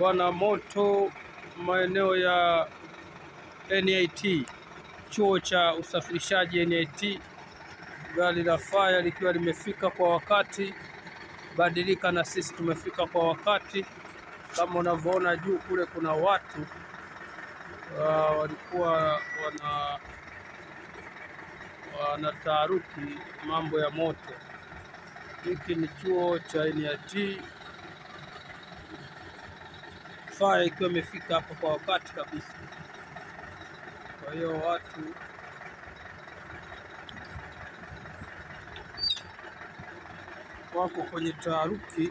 bwana moto maeneo ya NIT, chuo cha usafirishaji NIT. Gari la faya likiwa limefika kwa wakati. Badilika na sisi tumefika kwa wakati. Kama unavyoona juu kule kuna watu uh, walikuwa wana wanataaruki mambo ya moto. Hiki ni chuo cha NIT fire ikiwa imefika hapo kwa wakati kabisa. Kwa hiyo watu wako kwenye taharuki.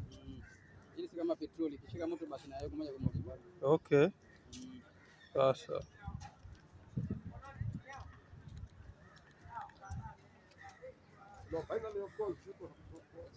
kama petroli, ikishika moto basi na yako moja kwa moja. Okay. Sasa mm.